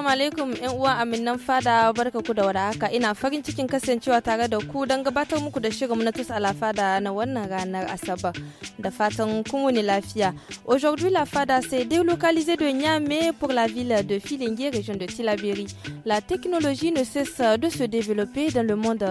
Aujourd'hui la fada s'est délocalisée de Niamey pour la ville de Filingue région de Tilaberi. La technologie ne cesse de se développer dans le monde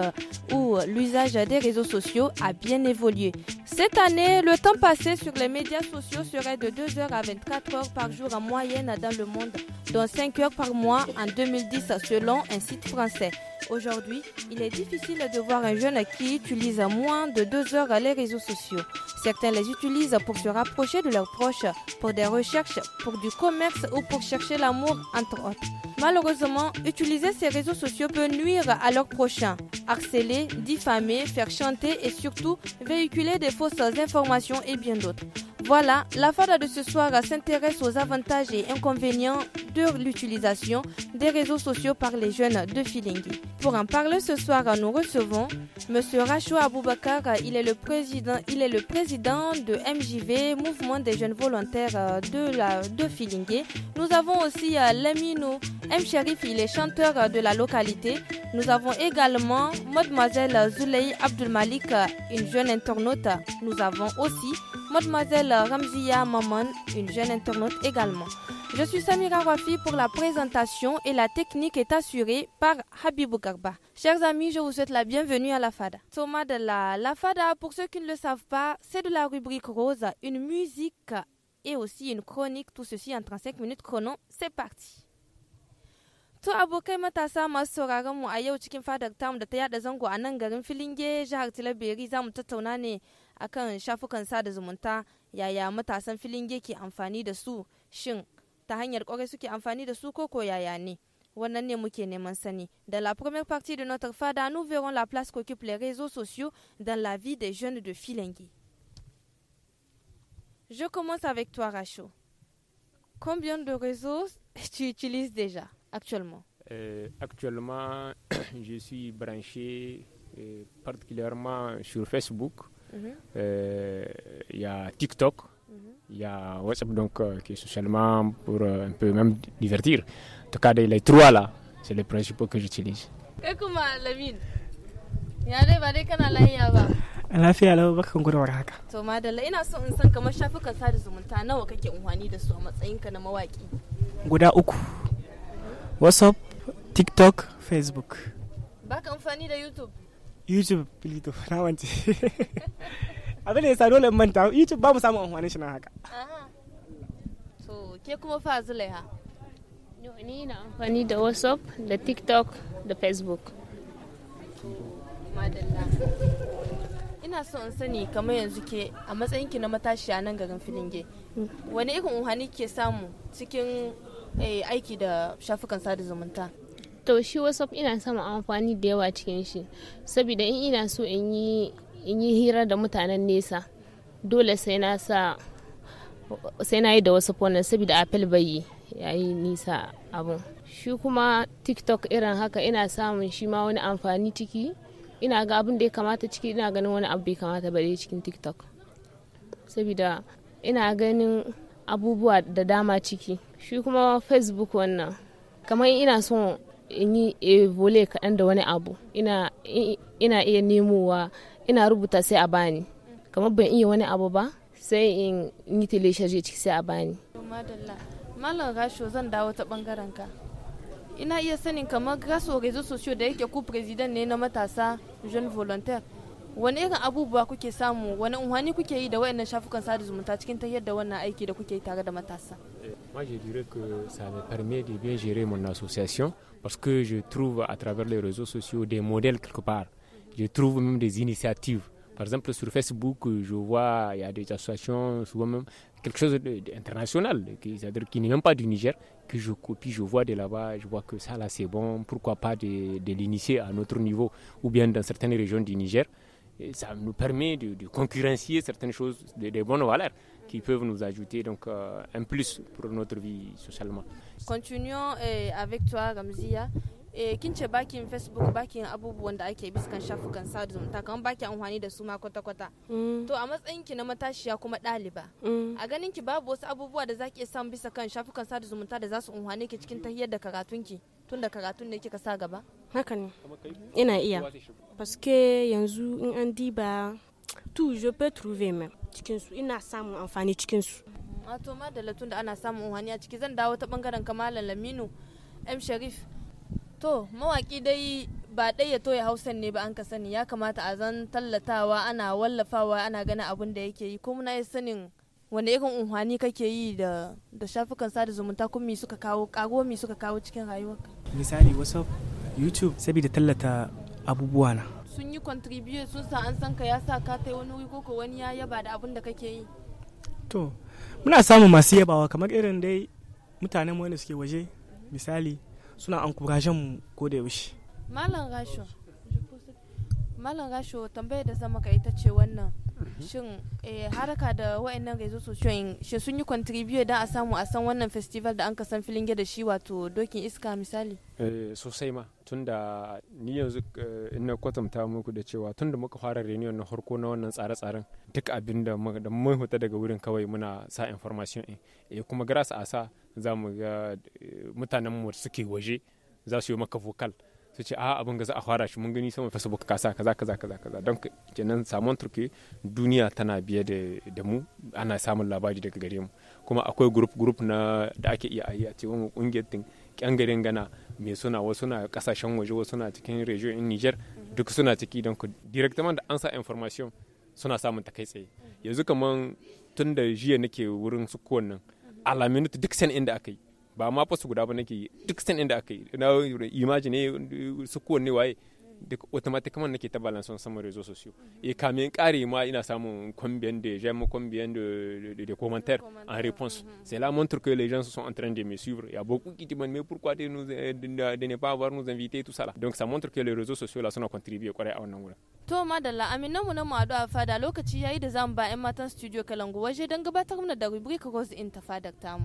où l'usage des réseaux sociaux a bien évolué. Cette année, le temps passé sur les médias sociaux serait de 2h à 24h par jour en moyenne dans le monde, dont 5 h par mois mois en 2010 selon un site français. Aujourd'hui, il est difficile de voir un jeune qui utilise moins de deux heures les réseaux sociaux. Certains les utilisent pour se rapprocher de leurs proches, pour des recherches, pour du commerce ou pour chercher l'amour, entre autres. Malheureusement, utiliser ces réseaux sociaux peut nuire à leurs prochains. Harceler, diffamer, faire chanter et surtout véhiculer des fausses informations et bien d'autres. Voilà, la fada de ce soir euh, s'intéresse aux avantages et inconvénients de l'utilisation des réseaux sociaux par les jeunes de Filingue. Pour en parler ce soir, euh, nous recevons M. Rachou Aboubakar. Euh, il est, le président, il est le président de MJV, Mouvement des jeunes volontaires de, la, de Filingue. Nous avons aussi Lamino M. Sharif, il est chanteur de la localité. Nous avons également Mademoiselle Zulei Abdulmalik, une jeune internaute. Nous avons aussi mademoiselle Ramzia Maman, une jeune internaute également. Je suis Samira Rafi pour la présentation et la technique est assurée par Habibou Garba. Chers amis, je vous souhaite la bienvenue à la FADA. Thomas de la, la FADA, pour ceux qui ne le savent pas, c'est de la rubrique rose, une musique et aussi une chronique, tout ceci en 35 minutes chrono. C'est parti. To abokai matasa masu sauraron mu a yau cikin fadar tamu da ta yada zango a nan garin Filinge jihar Tilaberi za mu tattauna ne akan shafukan sada zumunta yaya matasan Filinge ke amfani da su shin ta hanyar kwarai suke amfani da su ko ko yaya ne. Wannan ne muke neman sani. Da la première partie de notre fada, nous verrons la place qu'occupent les réseaux sociaux dans la vie des jeunes de Filinge. Je commence avec toi, Racho. Combien de réseaux tu utilises déjà actuellement euh, Actuellement, je suis branché euh, particulièrement sur Facebook. Mhm. Euh, il y a TikTok, mhm. il y a WhatsApp, donc euh, qui est socialement pour euh, un peu même divertir. En tout cas, les trois là, c'est les principaux que j'utilise. lafiya lau barkan ku da warhaka to madalla ina so in san kamar shafukan sada zumunta nawa kake unhwani da su a matsayinka na mawaki guda uku WhatsApp, TikTok, Facebook. Baka amfani da YouTube? YouTube, Bilito, na wance. Abin da ya sa dole in manta, YouTube ba mu samu amfani shi na haka. To, ke kuma fa Zulaiha? Ni na amfani da WhatsApp, da TikTok, da Facebook. Ina so in sani kamar yanzu ke a matsayinki na matashiya nan garin Filinge. Mm. Wani irin unhani ke samu cikin Eh, aiki da shafukan sada zumunta to shi whatsapp ina sama amfani da yawa cikin shi saboda in ina so in yi hira da mutanen nesa dole sai na sa sai na yi da wasu fonan saboda apple bai yi yayi nisa abun shi kuma tiktok irin haka ina samun shi ma wani amfani ciki ina ga abin da ya kamata ciki ina ganin wani abu bai kamata bare cikin tiktok saboda ina ganin abubuwa da dama ciki shi kuma facebook wannan kamar ina son in yi evole kaɗan da wani abu ina iya nemowa ina rubuta sai a bani kamar ban iya wani abu ba sai in yi teleshaje ciki sai a bani malam rasho zan dawo ta bangaren ka ina iya sanin kamar gaso rezo sosio da yake ku president ne na matasa jean volontaire wani irin abubuwa kuke samu wani unhani kuke yi da wayannan shafukan sada zumunta cikin ta yadda wannan aiki da kuke yi tare da matasa Moi, je dirais que ça me permet de bien gérer mon association parce que je trouve à travers les réseaux sociaux des modèles quelque part. Je trouve même des initiatives. Par exemple, sur Facebook, je vois il y a des associations, souvent même quelque chose d'international, c'est-à-dire qui n'est même pas du Niger, que je copie, je vois de là-bas, je vois que ça là c'est bon, pourquoi pas de, l'initier à notre niveau ou bien dans certaines régions du Niger. ça nous permet de, concurrencier certaines choses, des de bonnes valeurs. qui peuvent nous ajouter donc euh, un plus pour notre vie socialement. Continuons eh, avec toi Ramziya. Eh, kin ce bakin facebook bakin abubuwan da ake biskan shafukan sada zumunta kan bakin amfani da su ma kwata-kwata mm. to a matsayin ki na matashiya kuma ɗaliba mm. a ganin ki babu wasu abubuwa da za iya samu bisa kan shafukan sada zumunta da za su amfani ki cikin tahiyar da karatun ki tun da karatun ne kika sa gaba haka ne ina iya paske yanzu in an diba tu je peux trouver même cikinsu ina samun amfani cikinsu wato ah, madalla tun da ana samun amfani a ciki zan dawo ta bangaren kamalan laminu m sharif to mawaki dai ba ɗaya toya hausan ne ba an ka sani ya kamata a zan tallatawa ana wallafawa ana gana abin da yake yi ko muna yi sanin wanda irin unhwani kake yi da da shafukan sada zumunta kun mi suka kawo kago mi suka kawo cikin rayuwarka misali whatsapp youtube saboda tallata abubuwa na sun yi contribute sun sa an san ka ya sa ka yi wani wuri ko wani ya yaba da abin da kake yi to muna samun masu yabawa kamar irin dai mutanen mu wanda suke waje misali suna ankurajen mu ko da yaushe malam rasho malam rasho tambayar da zama ka ita ce wannan Mm-hmm. shin eh, haraka da nan rezo sosai shi sun yi contribute don a samu a san wannan festival da an ka san filin da shi wato dokin iska misali eh, sosai ma tun da ni yanzu eh, ina kwatanta muku da cewa tun da muka fara reunion na harko na wannan tsare-tsaren duk abin da mun huta daga wurin kawai muna sa information in kuma grass asa za mu ga mutanen mu suke waje za su yi maka vocal su ce a abin ga za a fara shi mun gani sama facebook kasa kaza kaza kaza kaza don kenan samun turke duniya tana biye da mu ana samun labari daga gare mu kuma akwai group group na da ake iya ayi a cewa kungiyar din yan garin gana me suna wasu na kasashen waje wasu na cikin region in Niger duk suna ciki don ku directement da an information suna samun ta kai tsaye yanzu kaman tun da jiya nake wurin su kowannan a duk san inda aka yi ba ma fasu guda ba nake duk san inda aka yi na imagine su kowanne waye duk sur nake ta mhm. Et quand rezo sosiyo e kamin kare ma ina samun combien de j'aime combien de de, commentaires en réponse mhm. Cela montre que les gens sont en train de me suivre il y a beaucoup qui demandent mais pourquoi de nous ne pas avoir nous inviter tout ça donc ça montre que les réseaux sociaux là sont contribué quoi a wannan wurin to madalla aminan mu na mu a fada lokaci yayi da zan ba ƴan matan studio kalangu waje don gabatar mana da rubrika cause in ta fadar tamu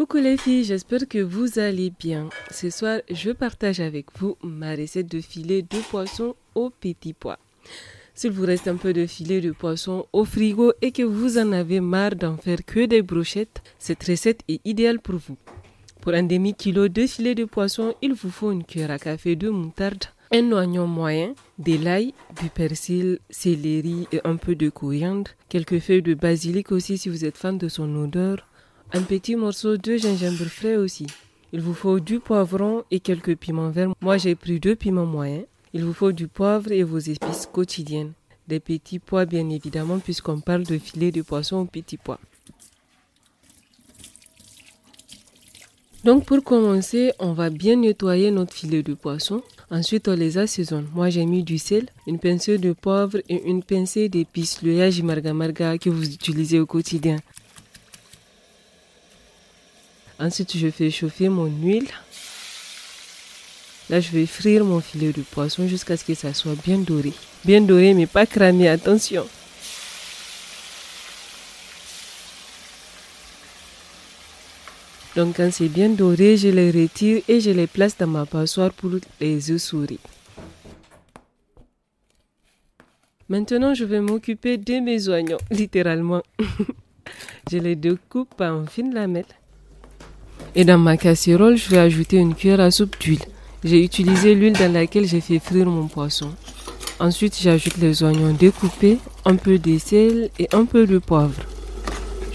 Coucou les filles, j'espère que vous allez bien. Ce soir, je partage avec vous ma recette de filet de poisson au petit pois. S'il vous reste un peu de filet de poisson au frigo et que vous en avez marre d'en faire que des brochettes, cette recette est idéale pour vous. Pour un demi-kilo de filet de poisson, il vous faut une cuillère à café de moutarde, un oignon moyen, de l'ail, du persil, céleri et un peu de coriandre, quelques feuilles de basilic aussi si vous êtes fan de son odeur, un petit morceau de gingembre frais aussi. Il vous faut du poivron et quelques piments verts. Moi, j'ai pris deux piments moyens. Il vous faut du poivre et vos épices quotidiennes. Des petits pois, bien évidemment, puisqu'on parle de filet de poisson aux petits pois. Donc pour commencer, on va bien nettoyer notre filet de poisson. Ensuite, on les assaisonne. Moi, j'ai mis du sel, une pincée de poivre et une pincée d'épices, le yaji marga marga que vous utilisez au quotidien. Ensuite, je fais chauffer mon huile. Là, je vais frire mon filet de poisson jusqu'à ce que ça soit bien doré. Bien doré, mais pas cramé, attention. Donc, quand c'est bien doré, je les retire et je les place dans ma passoire pour les œufs souris. Maintenant, je vais m'occuper de mes oignons, littéralement. je les découpe en fines lamelles. Et dans ma casserole, je vais ajouter une cuillère à soupe d'huile. J'ai utilisé l'huile dans laquelle j'ai fait frire mon poisson. Ensuite, j'ajoute les oignons découpés, un peu de sel et un peu de poivre.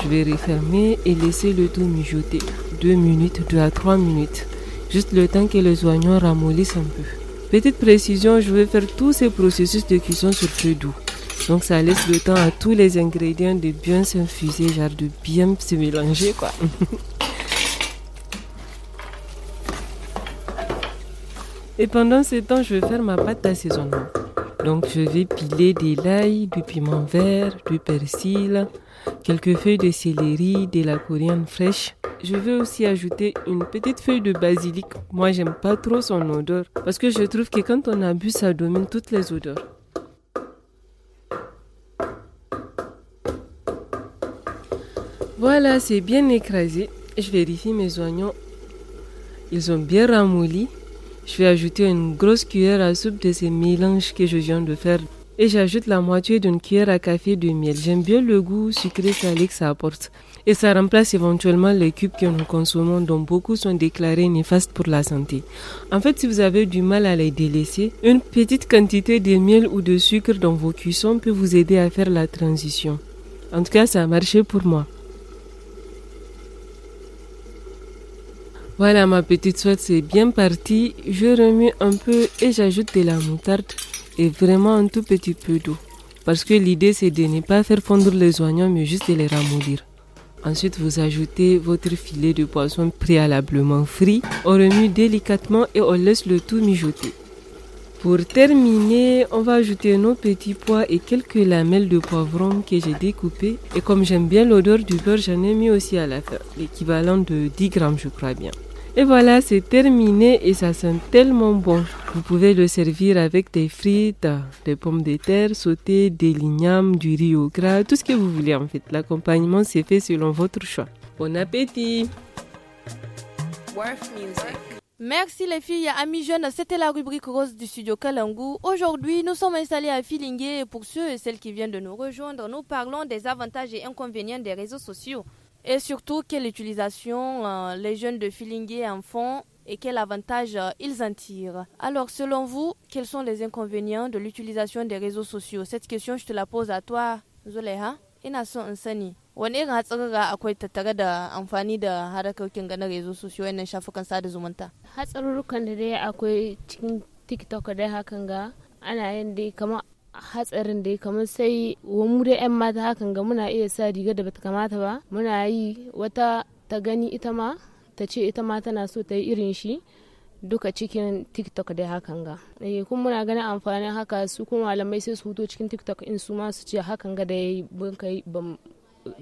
Je vais refermer et laisser le tout mijoter 2 minutes, 2 à 3 minutes, juste le temps que les oignons ramollissent un peu. Petite précision, je vais faire tous ces processus de cuisson sur feu doux. Donc ça laisse le temps à tous les ingrédients de bien s'infuser, genre de bien se mélanger quoi. Et pendant ce temps, je vais faire ma pâte d'assaisonnement Donc je vais piler de l'ail, du piment vert, du persil, quelques feuilles de céleri, de la coriandre fraîche. Je vais aussi ajouter une petite feuille de basilic. Moi, j'aime pas trop son odeur parce que je trouve que quand on a bu ça domine toutes les odeurs. Voilà, c'est bien écrasé. Je vérifie mes oignons. Ils ont bien ramolli je vais ajouter une grosse cuillère à soupe de ces mélanges que je viens de faire et j'ajoute la moitié d'une cuillère à café de miel. J'aime bien le goût sucré salé que ça apporte. Et ça remplace éventuellement les cubes que nous consommons dont beaucoup sont déclarés néfastes pour la santé. En fait, si vous avez du mal à les délaisser, une petite quantité de miel ou de sucre dans vos cuissons peut vous aider à faire la transition. En tout cas, ça a marché pour moi. Voilà, ma petite soie, c'est bien parti. Je remue un peu et j'ajoute de la moutarde et vraiment un tout petit peu d'eau. Parce que l'idée, c'est de ne pas faire fondre les oignons, mais juste de les ramollir. Ensuite, vous ajoutez votre filet de poisson préalablement frit. On remue délicatement et on laisse le tout mijoter. Pour terminer, on va ajouter nos petits pois et quelques lamelles de poivron que j'ai découpées. Et comme j'aime bien l'odeur du beurre, j'en ai mis aussi à la fin, l'équivalent de 10 grammes, je crois bien. Et voilà, c'est terminé et ça sent tellement bon. Vous pouvez le servir avec des frites, des pommes de terre sautées, des lignames, du riz au gras, tout ce que vous voulez en fait. L'accompagnement c'est fait selon votre choix. Bon appétit! Merci les filles, amis jeunes, c'était la rubrique rose du studio Kalangu. Aujourd'hui, nous sommes installés à Filingué et pour ceux et celles qui viennent de nous rejoindre, nous parlons des avantages et inconvénients des réseaux sociaux et surtout quelle utilisation euh, les jeunes de Filingué en font et quel avantage euh, ils en tirent. Alors selon vous, quels sont les inconvénients de l'utilisation des réseaux sociaux Cette question, je te la pose à toi, Zoleha et Nasson Nsani. wani irin hatsarurra akwai tattare da amfani da harakokin ganar yanzu su shi wannan shafukan sada zumunta hatsarurrukan da dai akwai cikin tiktok dai hakan ga ana yin dai kamar hatsarin dai kamar sai wa mu dai yan mata hakan ga muna iya sa riga da bata kamata ba muna yi wata ta gani ita ma ta ce ita ma tana so ta yi irin shi duka cikin tiktok dai hakan ga eh, kuma muna ganin amfanin haka su kuma malamai sai su huto cikin tiktok in su ma su ce hakan ga da ya yi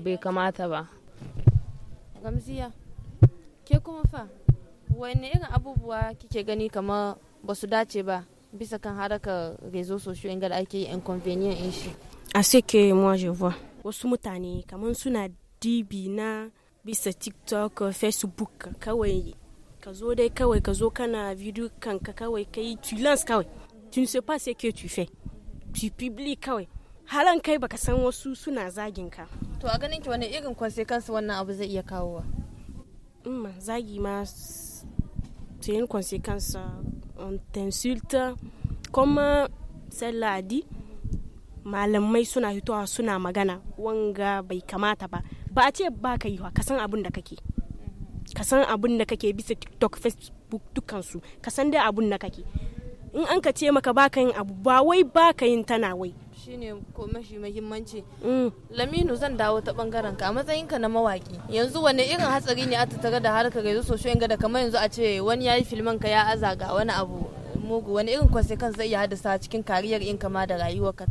bai kamata ba gamziya ke kuma fa wani irin abubuwa kike gani kamar ba su dace ba bisa kan haraka rezo social inga da ake yi inconvenient in shi a sai ke je wasu mutane kamar suna db na bisa tiktok facebook kawai ka zo dai kawai ka zo kana video kanka kawai kai yi lance kawai tu ne sais pas ke tufe tu fais kawai haran kai baka san wasu suna zagin ka to a ganin ki wani irin consequence wannan abu zai iya kawowa ma mm, zagi ma yin kwanse conséquence euh, on tensulta euh, kuma malamai suna hitowa suna magana wanga bai kamata ba ba a ce ba ka yi wa ka abin da kake ka abin da kake bisa tiktok facebook dukansu ka dai abin da kake in an ka ce maka ba ka yin abu ba wai ba ka yin tana wai shine ko mafi muhimmanci mm. laminu zan dawo ta bangaren ka a matsayin ka na mawaki yanzu wani irin hatsari ne a tare da ga yanzu sosai ga da kamar yanzu a ce wani yayi filman ka ya aza ga wani abu mugu wani irin kan zai iya haddasa cikin kariyar in kama da rayuwar ka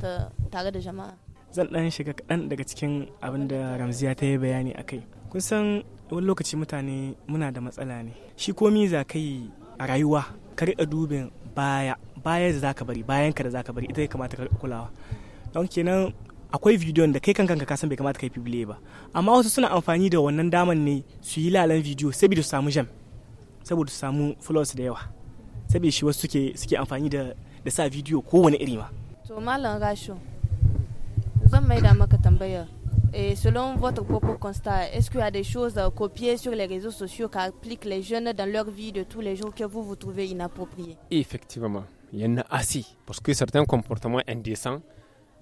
tare da jama'a zan dan shiga kaɗan daga cikin abin da ramziya ta yi bayani a kai kun san wani lokaci mutane muna da matsala ne shi komi za ka yi a rayuwa ka riƙa dubin baya baya da zaka bari bayan ka da zaka bari ita ya kamata ka kulawa Donc, il don kenan akwai bidiyon da kai kanka ka san bai kamata kai publiye ba amma wasu suna amfani da wannan daman ne su yi lalan bidiyo saboda su samu jam saboda su samu followers da yawa saboda shi wasu suke suke amfani da da sa bidiyo kowane iri ma to malam rasho zan maida maka tambayar Et eh, selon votre propre constat, est-ce qu'il y a des choses copiées sur les réseaux sociaux qui appliquent les jeunes dans leur vie de tous les jours que vous vous trouvez inappropriées Effectivement, il y en a assez. Parce que certains comportements indécents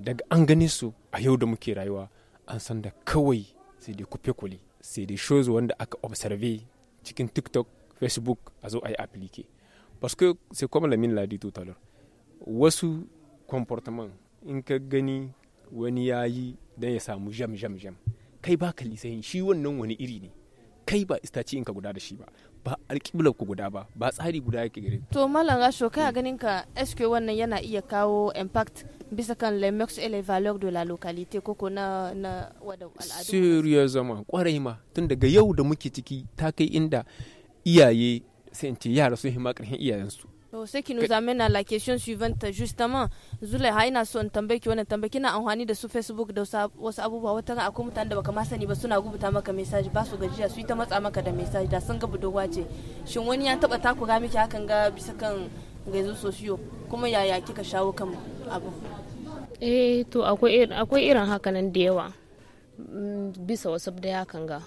daga an gane su a yau da muke rayuwa an san da kawai sai dai kufe kuli sai dai shows wanda aka observe cikin tiktok facebook a zo a yi aplike parce sai kuma comme la min l'a dit wasu comportement in ka gani wani ya yi don ya samu jam jam jam kai ba ka lisa shi wannan wani iri ne kai ba istaci in ka guda da shi ba ba alƙiblar ku guda ba ba tsari guda yake gare to Mallam rasho kai ganin ka eske wannan yana iya kawo impact bisa kan les mœurs et les valeurs de la localité koko na na wada al'adu seriously kwarai ma tun daga yau da muke ciki ta kai inda iyaye sai in ce yara sun hima ƙarfin iyayensu ce qui nous amène à la question suivante, justement, Zule haina son tambaki wannan tambaki na amfani da su Facebook da wasu abubuwa wata ran akwai mutanen da baka ma sani ba suna rubuta maka message ba su gajiya su yi ta matsa maka da message da sun ga budurwa ce. Shin wani ya taba takura miki hakan ga bisa kan gaizu sosiyo kuma yaya kika shawo kan abu? Eh to akwai irin hakanan da yawa mm, bisa wasu da ya kan ga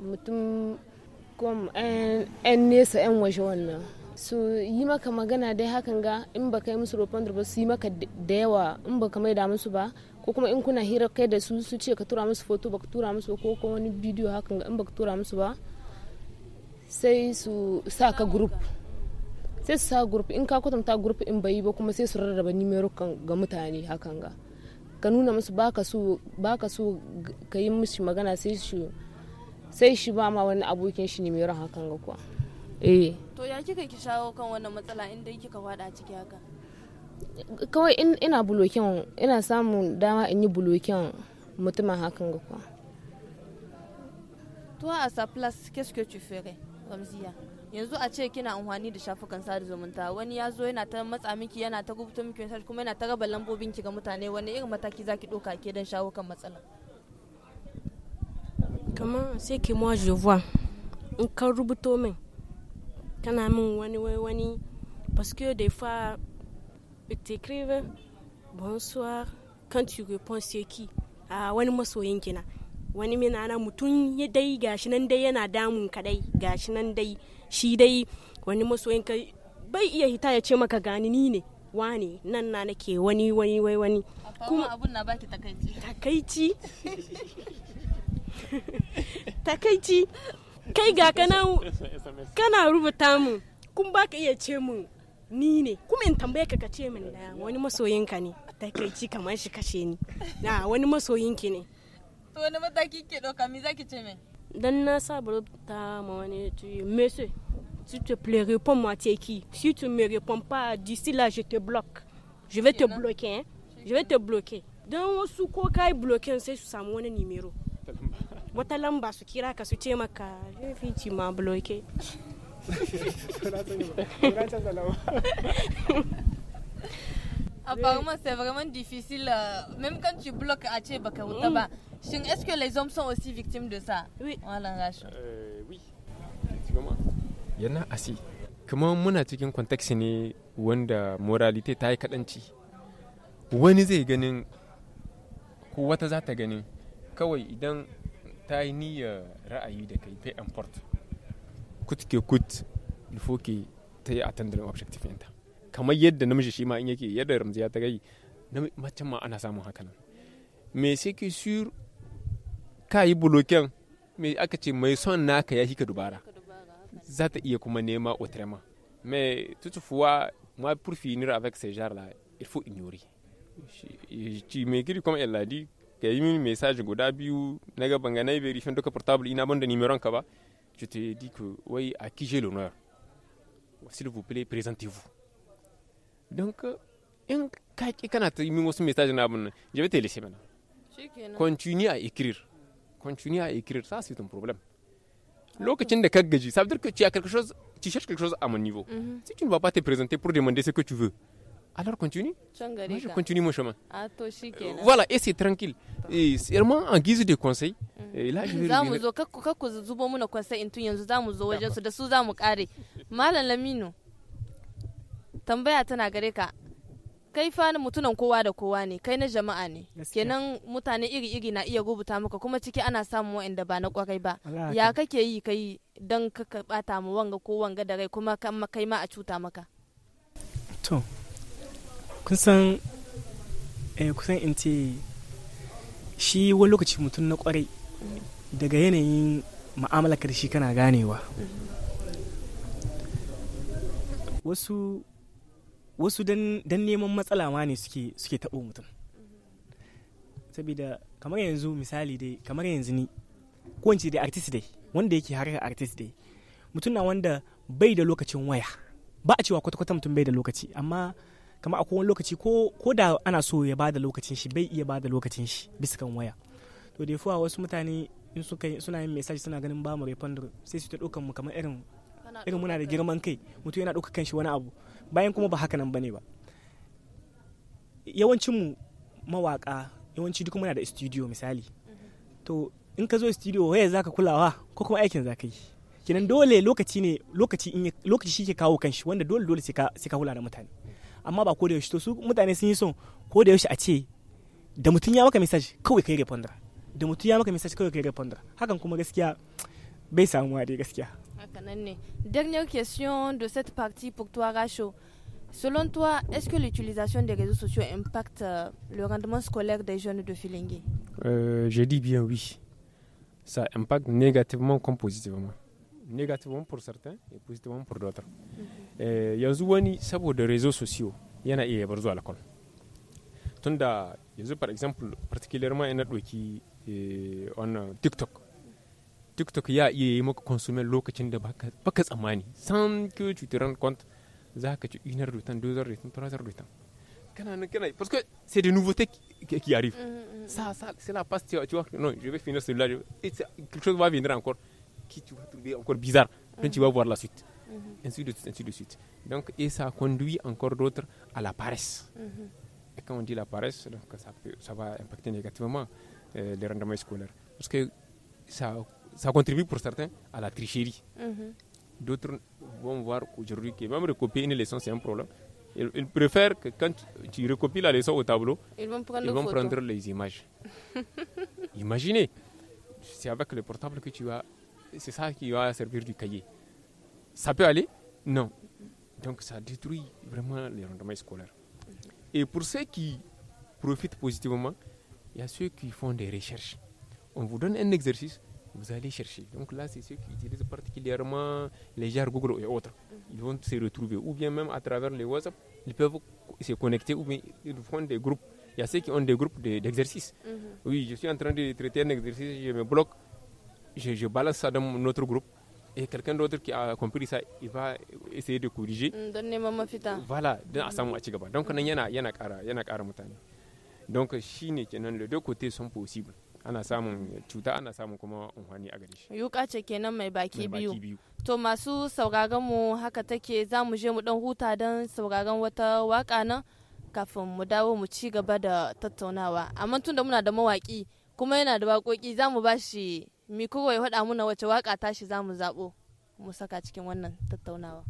mutum kuma 'yan nesa 'yan waje wannan su yi maka magana dai hakan ga in baka yi musu roƙon ba su yi maka da yawa in baka mai da musu ba ko kuma in kuna hira kai da su su ce ka tura musu foto baka tura musu ko kuma wani bidiyo hakan ga in baka tura musu ba sai su sa ka group sai su sa group in ka kwatanta group in bai ba kuma sai su rarraba numerukan ga mutane hakan ga ka nuna musu baka so baka so ka yi musu magana sai shi sai shi ba ma wani abokin shi numero hakan ga kuwa eh to ya kika ki shawo kan wannan matsala inda kika fada ciki haka kawai ina bulokin ina samun dama in yi bulokin mutumin hakan ga kuwa to a sa plus qu'est-ce que tu ferais ramziya yanzu a ce kina amfani da shafukan sada zumunta wani ya zo yana ta matsa miki yana ta rubuta miki message kuma yana ta raba lambobin ki ga mutane wani irin mataki zaki doka ke dan shawo kan matsala kamar sai ke moi je vois in ka rubuto min kana min wani wai wani parce que des fois ils t'écrivent bonsoir quand tu réponds c'est qui a ah, wani masoyin kina wani mina na mutum ya dai gashi nan dai yana damun ka dai gashi nan dai shi dai wani masoyin ka bai iya hita ya ce maka gani ni ne wani nan na nake wani wani wai wani kuma abun na baki takaici takaici takaici kai ga kana kana rubuta mu kun ba ka iya ce mu ni ne kuma in tambaye ka ka ce min daya wani masoyin ka ne takaici kamar shi kashe ni na wani masoyin ki ne to wani mataki ke doka mi zaki ce min dan na saba rubuta ma wani tuyi monsieur si tu plaît réponds-moi t'es qui si tu me réponds pas d'ici là je te bloque je vais te bloquer hein? je vais te bloquer dan wasu ko kai bloquer sai su samu wani nimero wata lamba su kira ka su ce maka laifinci ma bloke Apparemment, c'est vraiment difficile. Euh, même quand tu bloques à Tchébaka ou Taba, mm. est-ce que les hommes sont aussi victimes de ça Oui. Voilà, euh, oui, effectivement. Il y en a assez. Comment on a un contexte ne wanda moralité ta yi kaɗanci wani zai gagné ko wata za ta ganin kawai idan ta yi niyya ra'ayi da kai pay and port kut ke kut ilfo ke ta yi attendant objective ɗinta kamar yadda namiji shi ma in yake yadda ya ta gai macen ma ana samun haka nan me sai ke sur ka yi buloken me aka ce mai son naka ya hika dubara za ta iya kuma nema otrema me tutufuwa ma pour finir avec ces genres il faut ignorer ci me giri kuma yalladi a eu min message guda biyu na ga Bangana, verification duka portable ina ban da numeron ka ba je te dis que oui à qui j'ai l'honneur s'il vous plaît présentez-vous donc in ka ki kana ta message na je vais te laisser maintenant continue à écrire continue à écrire ça c'est ton problème lokacin da ka gaji ça veut dire que tu as quelque chose tu cherches quelque chose à mon niveau mhm. si tu ne vas pas te présenter pour demander ce que tu veux Alors continue. Moi, je continue mon chemin. Ah, euh, voilà, et c'est tranquille. Et c'est en guise de conseil. Mm. Et là, je vais Zamu zo kakku kakku zubo muna in tun yanzu zamu zo wajen su da su kare. Malam Laminu. Tambaya tana gare ka. Kai fa mutunan kowa da kowa ne, kai na jama'a ne. Kenan mutane iri-iri na iya rubuta maka kuma ciki ana samun wa'anda ba na kwarai ba. Ya kake yi kai don ka bata mu wanga ko wanga da rai kuma kai ma a cuta maka. To, kun san eh, kusan in ce shi wani lokaci mutum na kwarai daga yanayin ma'amalaka da shi kana ganewa wasu wasu dan neman matsala ma ne suke taɓo mutum saboda kamar yanzu misali dai kamar yanzu ni kowace dai artist dai wanda yake harkar artist dai mutum na wanda bai da lokacin waya ba a cewa kwata-kwata mutum bai da lokaci amma kamar akwai wani lokaci ko da ana so ya bada lokacin shi bai iya bada lokacin shi bisa kan waya to da yafuwa wasu mutane in suka suna yin message suna ganin mu refund sai su ta ɗaukan mu kamar irin irin muna da girman kai mutum yana ɗaukar kanshi wani abu bayan kuma ba haka nan bane ba yawancin mu mawaka yawanci duk muna da studio misali mm-hmm. to in ka zo studio waya zaka kulawa ko kuma aikin zaka yi kinan dole lokaci ne lokaci in lokaci shi ke kawo kanshi wanda dole dole sai ka hula da mutane amma ba ko da yaushe to su mutane sun yi son ko da yaushe a ce da mutum ya maka message kawai kai refonder da mutum ya maka message kawai kai refonder hakan kuma gaskiya bai samuwa dai gaskiya Dernière question de cette partie pour toi, Racho. Selon toi, est-ce que l'utilisation des réseaux sociaux impacte euh, le rendement scolaire des jeunes de Filingue euh, Je dis bien oui. Ça impacte négativement comme positivement. Négativement pour certains et positivement pour d'autres. Mm -hmm. Eh, yanzu wani saboda réseaux sociaux, yana iya bar zuwa lakon tunda yanzu for example particulièrement ma ina ɗauki eh, wannan tiktok tiktok ya iya yi maka consumer lokacin da baka tsammani san ke cutiran kwant za ka ci inar rutan dozar rutan turazar rutan kana nan kana parce que c'est des nouveautés qui, qui arrivent mm, mm, mm. ça ça c'est la passe tu vois non je vais finir celui-là quelque chose va venir encore qui tu vas trouver encore bizarre donc tu vas voir la suite ainsi de suite, Donc, et ça conduit encore d'autres à la paresse. Mhm. Et quand on dit la paresse, donc ça, ça va impacter négativement euh, les rendements scolaires. Parce que ça, ça contribue pour certains à la tricherie. Mhm. D'autres vont voir aujourd'hui que même recopier une leçon, c'est un problème. Ils, préfèrent que quand tu, recopies la leçon au tableau, ils vont prendre, prendre les images. Imaginez, c'est avec le portable que tu as, c'est ça qui va servir du cahier ça peut aller Non. Donc ça détruit vraiment les rendements scolaires. Mhm. Et pour ceux qui profitent positivement, il y a ceux qui font des recherches. On vous donne un exercice, vous allez chercher. Donc là, c'est ceux qui utilisent particulièrement les genres Google et autres. Mhm. Ils vont se retrouver. Ou bien même à travers les WhatsApp, ils peuvent se connecter ou bien ils font des groupes. Il y a ceux qui ont des groupes d'exercices. Mhm. Oui, je suis en train de traiter un exercice, je me bloque, je, je balance ça dans notre groupe et eh, quelqu'un d'autre qui a compris ça il va essayer de corriger mm, don neman mafita voilà don a mm. samu a ci gaba don mm. nan yana yana ƙara yana ƙara mutane don shine kenan le deux côtés sont possibles ana samun cuta ana samun kuma unhani a gare shi yuka ce kenan mai baki biyu to masu sauraron mu haka take za mu je mu dan huta don sauraron wata waka nan kafin mu dawo mu ci gaba da tattaunawa amma tun da muna da mawaki kuma yana da waƙoƙi za mu ba shi mi kowa ya faɗa muna wace waka tashi za mu zaɓo mu saka cikin wannan tattaunawa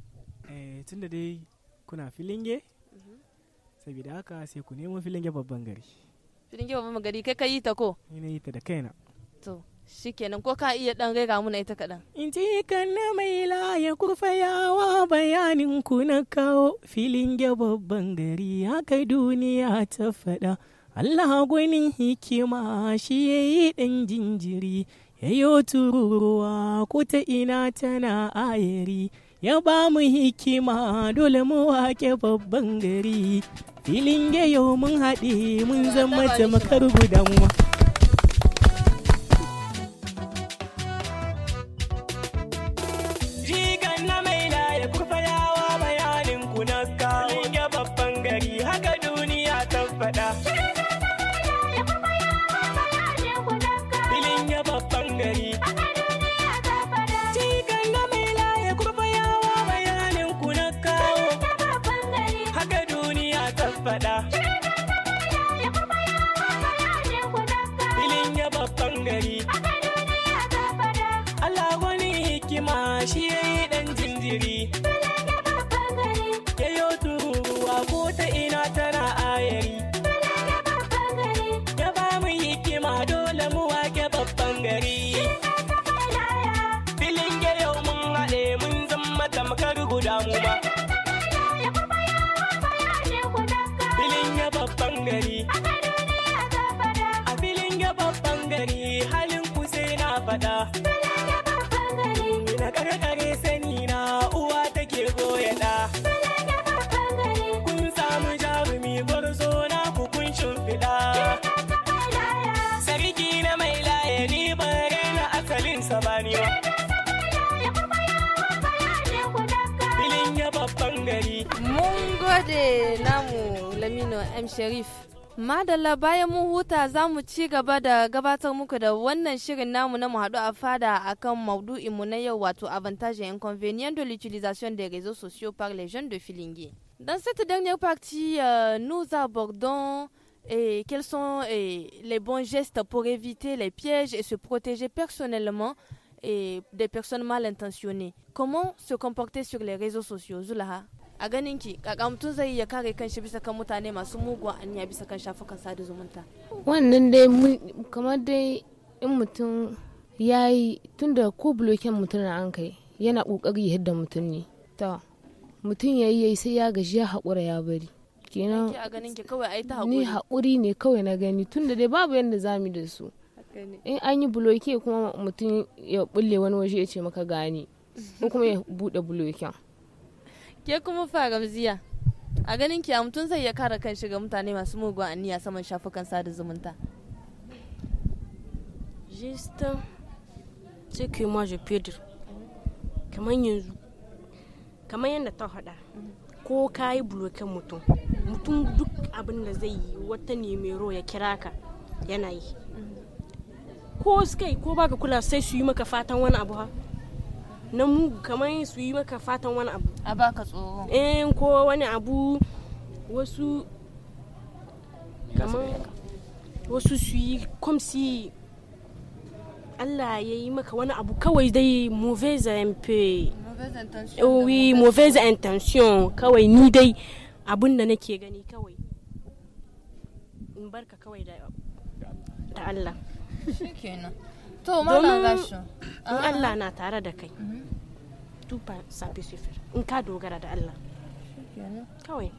eh tunda dai kuna filinge mhm. saboda haka sai ku nemo filinge babban gari filinge babban gari kai ka yi ta ko ni na yi ta da kaina to shikenan ko ka iya dan rera muna ita kaɗan. In ji kanna mai laye kurfayawa bayanin ku na kawo filin babban gari ya kai duniya ta faɗa. Allah gwanin hikima shi ya yi ɗan jinjiri yayo tururuwa ko ina tana ayeri ya ba mu hikima dole mu wake babban gari filin yayo mun haɗe mun zama jamakar gudanwa faɗa. sabaniyo filin namu lamino m sharif Madalla bayan mun huta za mu ci gaba da gabatar muku da wannan shirin namu na mu hadu a fada akan mu na yau wato avantage et inconvénients de l'utilisation des réseaux sociaux par les jeunes de Filingi. Dans cette dernière partie, euh, nous abordons et quels sont les bons gestes pour éviter les pièges et se protéger personnellement et des personnes mal intentionnées. Comment se comporter sur les réseaux sociaux, Zulaha a ganin ki kaka mutum zai iya kare kanshi bisa kan mutane masu muguwa aniya bisa kan shafukan sada zumunta wannan dai kamar dai in mutum ya yi tunda ko bloken mutum na an kai yana kokari ya hidda mutum ne to mutum ya yi sai ya gaji ya haƙura ya bari kenan ni haƙuri ne kawai na gani tunda dai babu yadda za mu da su in an yi buloke kuma mutum ya bulle wani waje ya ce maka gani ko kuma ya buɗe buloken ke kuma faramziya a ganin ki mutum zai ya kare kan shiga mutane masu mugun aniya saman shafukan sada zumunta sai kamar yanzu kamar yadda ta faɗa ko ka yi buloken mutum mutum duk abin da zai yi wata nemero ya kira ka yana yi ko suka yi ko baka kula sai su yi maka fatan wani abu ha na mu kamar su yi maka fatan wani abu a baka tsoro eh ko wani abu wasu kamar wasu su yi kwamsi Allah ya yi maka wani abu kawai dai mauvaise eh intention kawai ni dai abin da nake gani kawai in barka kawai da Allah shikenan to malam gashi in ah. Allah na tare da kai mm-hmm. tupa sabi sifir in ka dogara da Allah kawai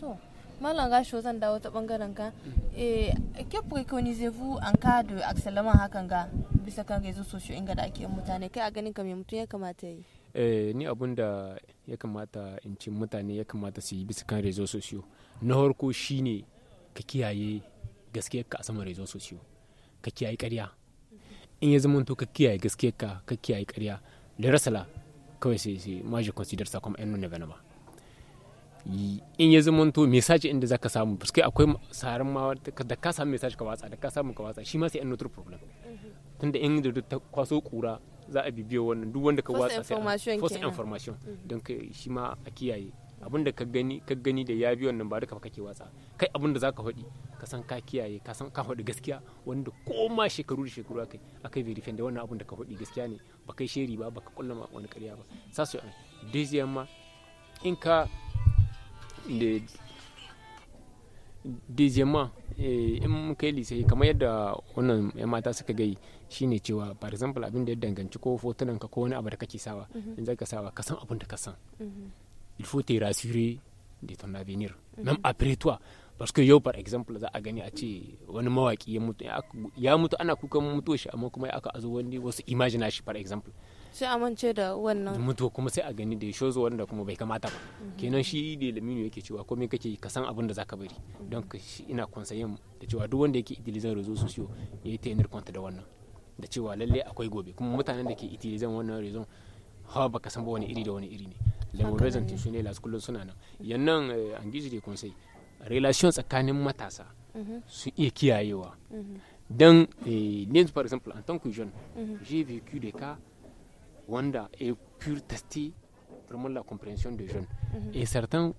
to malam gashi zan dawo ta bangaren ka eh ke preconisez-vous en cas de accident hakan ga bisa kan rezo socio inga da ake mutane kai a ganin ka me mutum ya kamata yi Eh, ni abun da ya kamata in ce mutane ya kamata su yi bisa kan rezo sosiyo na harko shine ka kiyaye gaskiyarka a saman rezo sosiyo ka kiyaye karya in ya zama to ka kiyaye gaskiyarka ka kiyaye karya da rasala kawai sai sai ma je consider sa kuma ɗan nuna ba in ya zama to message inda za ka samu fuskai akwai sarin ma da ka samu message ka watsa da ka samu ka watsa shi ma sai an nutur problem tunda in da ta kwaso kura za a bibiyo wannan duk wanda ka watsa sai first information mm-hmm. don ka shi ma a kiyaye abin da ka gani ka gani da ya bi wannan ba duka fa kake watsa kai abin da zaka faɗi ka san ka kiyaye ka san ka faɗi gaskiya wanda ko ma shekaru da shekaru akai akai verify da wannan abin da ka faɗi gaskiya ne ba kai sheri ba ba ka ma wani ƙarya ba sa an deziyan ma in ka da deziyan ma eh, in kai lise kamar yadda wannan mata suka gai shine cewa for example abin da ya danganci ko fotunanka ko wani abu da kake sawa mhm. in zaka sawa ka san abin da ka san mhm. il faut te rassurer de ton avenir mhm. même après toi parce que yau par exemple za a gani a ce wani mawaki ya mutu ya mutu ana kukan mutuwa shi amma kuma aka azo wani wasu imagine shi par exemple sai amince da wannan mutu kuma sai a gani da shows wanda kuma bai kamata ba kenan shi da laminu yake cewa komai kake ka san abin da zaka bari don ina konsayin da cewa duk wanda yake idilizan rezo sosiyo ya yi ta yanar kwanta da wannan da cewa lalle akwai gobe kuma mutanen da ke itilizan wannan rezon hawa baka san ba wani iri da wani iri ne lemurizan tushe ne las kullum suna nan yannan eh, an gizi da kunsai relation tsakanin matasa mhm. su iya kiyayewa mhm. don eh, ne for example en tant que jeune j'ai vécu des cas wanda est pur testé vraiment la compréhension des jeunes mhm. et certains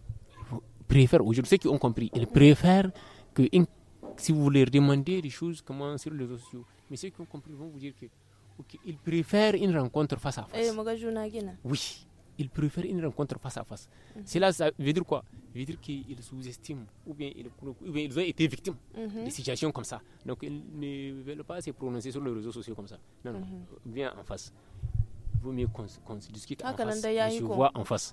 préfèrent aujourd'hui sais qui ont compris ils préfèrent que si vous leur demandez des choses comment sur les réseaux sociaux mais ceux qui ont compris vont vous dire qu'ils préfèrent une rencontre face à face. Eh, oui, ils préfèrent une rencontre face à face. Mhm. Cela ça veut dire quoi Ça veut dire qu'ils sous-estiment ou bien ils, ont été victimes mhm. de situations comme ça. Donc ils ne veulent pas se prononcer sur les réseaux sociaux comme ça. Non, non, mhm. viens en face. Il vaut mieux qu'on qu se discute en face, se voit en face.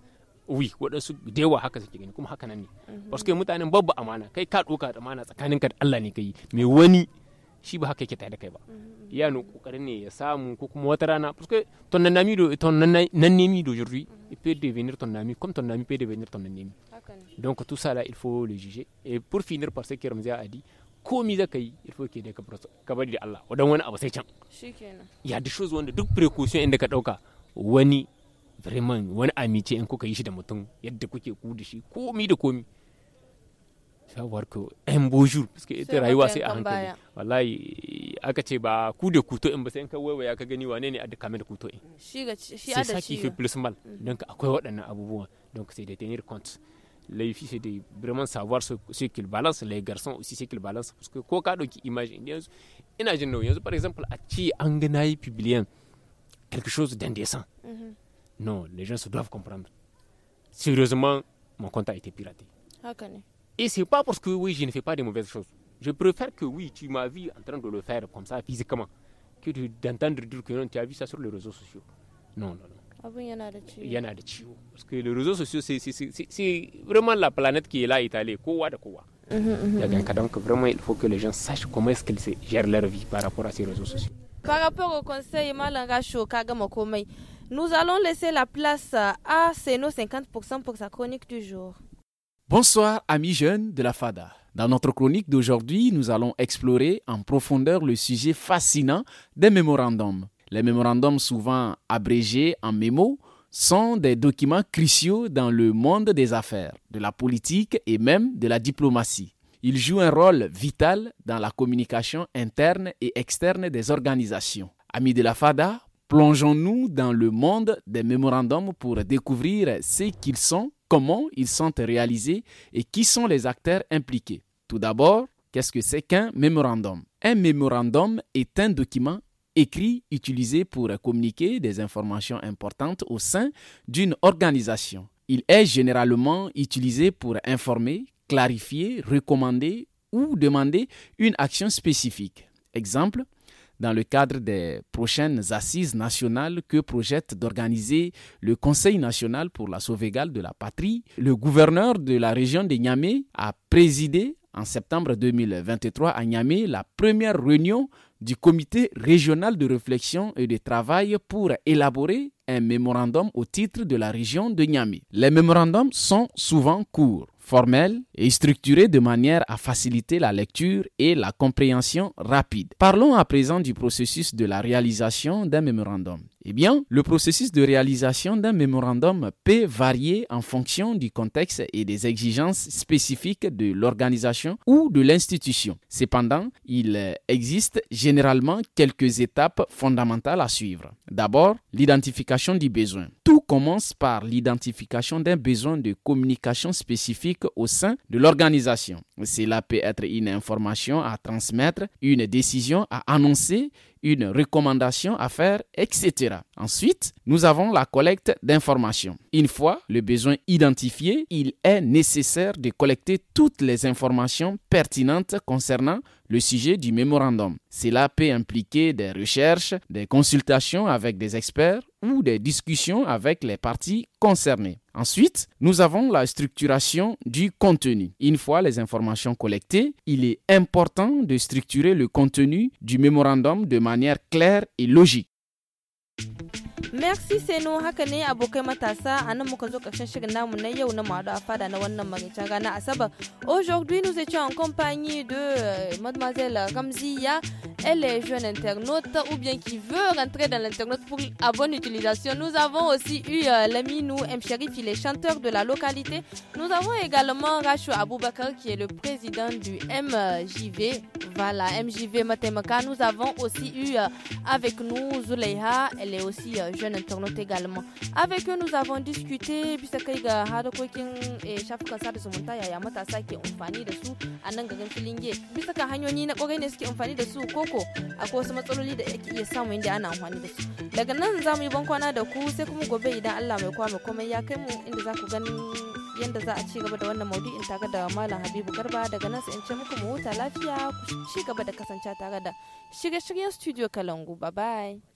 oui waɗansu da yawa haka suke gani parce que mutanen babu amana kai ka amana tsakaninka da Allah ne wani shi ba haka yake tare da kai ba mm-hmm, mm-hmm. ya nu kokarin ne ya samu ko kuma wata rana parce ton nan nami do ton nan nemi d'aujourd'hui mm-hmm. il peut devenir ton ami comme ton ami peut devenir ton ennemi donc tout ça là il faut le juger et pour finir par ce que Ramzia a dit komi za ka il faut ke dai ka bari da Allah wadan wani abu sai can ya da shows wanda duk precaution inda ka dauka wani vraiment wani amici in kuka yi shi da mutum yadda kuke ku da shi komi da komi tu voir que un beau jour parce que était rayuwa sai a hankali wallahi aka ce ba ku da kuto in ba sai ka waiwaya ka gani wane ne a da kamar kuto in shi ga shi a da shi sai plus mal mm. donc akwai waɗannan abubuwa donc c'est de tenir compte les c'est de vraiment savoir ce, ce qu'ils balance les garçons aussi ce qu'ils balance parce que ko ka dauki image yanzu ina jin nauyi yanzu par exemple a ce an ga nayi publier quelque chose d'indécent mhm. non les gens se doivent comprendre sérieusement mon compte a été piraté hakane et c'est pas parce que oui, je ne fais pas de mauvaises choses. Je préfère que oui, tu m'as vu en train de le faire comme ça physiquement que d'entendre dire que non, tu as vu ça sur les réseaux sociaux. Non, non, non. Ah il y en a de ciwo. Il y en a de Parce que les réseaux sociaux, c'est vraiment la planète qui est là étalée. Kowa de kowa. Mmh, mmh, mmh. Donc vraiment, il faut que les gens sachent comment est-ce qu'ils gèrent leur vie par rapport à ces réseaux sociaux. Par rapport au conseil Kagamokomei, nous allons laisser la place à Ceno 50% pour sa chronique du jour. Bonsoir amis jeunes de la FADA. Dans notre chronique d'aujourd'hui, nous allons explorer en profondeur le sujet fascinant des mémorandums. Les mémorandums, souvent abrégés en mémo, sont des documents cruciaux dans le monde des affaires, de la politique et même de la diplomatie. Ils jouent un rôle vital dans la communication interne et externe des organisations. Amis de la FADA, plongeons-nous dans le monde des mémorandums pour découvrir ce qu'ils sont comment ils sont réalisés et qui sont les acteurs impliqués. Tout d'abord, qu'est-ce que c'est qu'un mémorandum Un mémorandum est un document écrit utilisé pour communiquer des informations importantes au sein d'une organisation. Il est généralement utilisé pour informer, clarifier, recommander ou demander une action spécifique. Exemple, dans le cadre des prochaines assises nationales que projette d'organiser le Conseil national pour la sauvegarde de la patrie. Le gouverneur de la région de Niamey a présidé en septembre 2023 à Niamey la première réunion du comité régional de réflexion et de travail pour élaborer un mémorandum au titre de la région de Niamey. Les mémorandums sont souvent courts formelle et structuré de manière à faciliter la lecture et la compréhension rapide. Parlons à présent du processus de la réalisation d'un mémorandum. Eh bien, le processus de réalisation d'un mémorandum peut varier en fonction du contexte et des exigences spécifiques de l'organisation ou de l'institution. Cependant, il existe généralement quelques étapes fondamentales à suivre. D'abord, l'identification du besoin. Tout commence par l'identification d'un besoin de communication spécifique au sein de l'organisation. Cela peut être une information à transmettre, une décision à annoncer, une recommandation à faire, etc. Ensuite, nous avons la collecte d'informations. Une fois le besoin identifié, il est nécessaire de collecter toutes les informations pertinentes concernant le sujet du mémorandum. Cela peut impliquer des recherches, des consultations avec des experts ou des discussions avec les parties concernées. Ensuite, nous avons la structuration du contenu. Une fois les informations collectées, il est important de structurer le contenu du mémorandum de manière claire et logique. Merci c'est nous haka ne matasa na fada Aujourd'hui nous étions en compagnie de euh, mademoiselle Ramziya, elle est jeune internaute ou bien qui veut rentrer dans l'internaute pour à bonne utilisation. Nous avons aussi eu euh, l'ami nous M Sharif, il est chanteur de la localité. Nous avons également Rachou Aboubakar qui est le président du MJV. Voilà, MJV Matemaka. Nous avons aussi eu euh, avec nous Zuleiha, elle est aussi jeune jeunes internautes également. Avec eux, nous avons discuté bisa kai ga harkokin shafukan sada zumunta yaya matasa ke amfani da su a nan Filinge. Bisa kan hanyoyi na kwarai ne suke amfani da su koko akwai wasu matsaloli da yake iya samu inda ana amfani dasu Daga nan za mu yi bankwana da ku sai kuma gobe idan Allah mai kwa mai komai ya kai mu inda za ku gani yadda za a ci gaba da wannan maudu'in tare da malam habibu garba daga nan in ce muku mu lafiya ku ci gaba da kasance tare da shirye-shiryen studio kalangu bye bye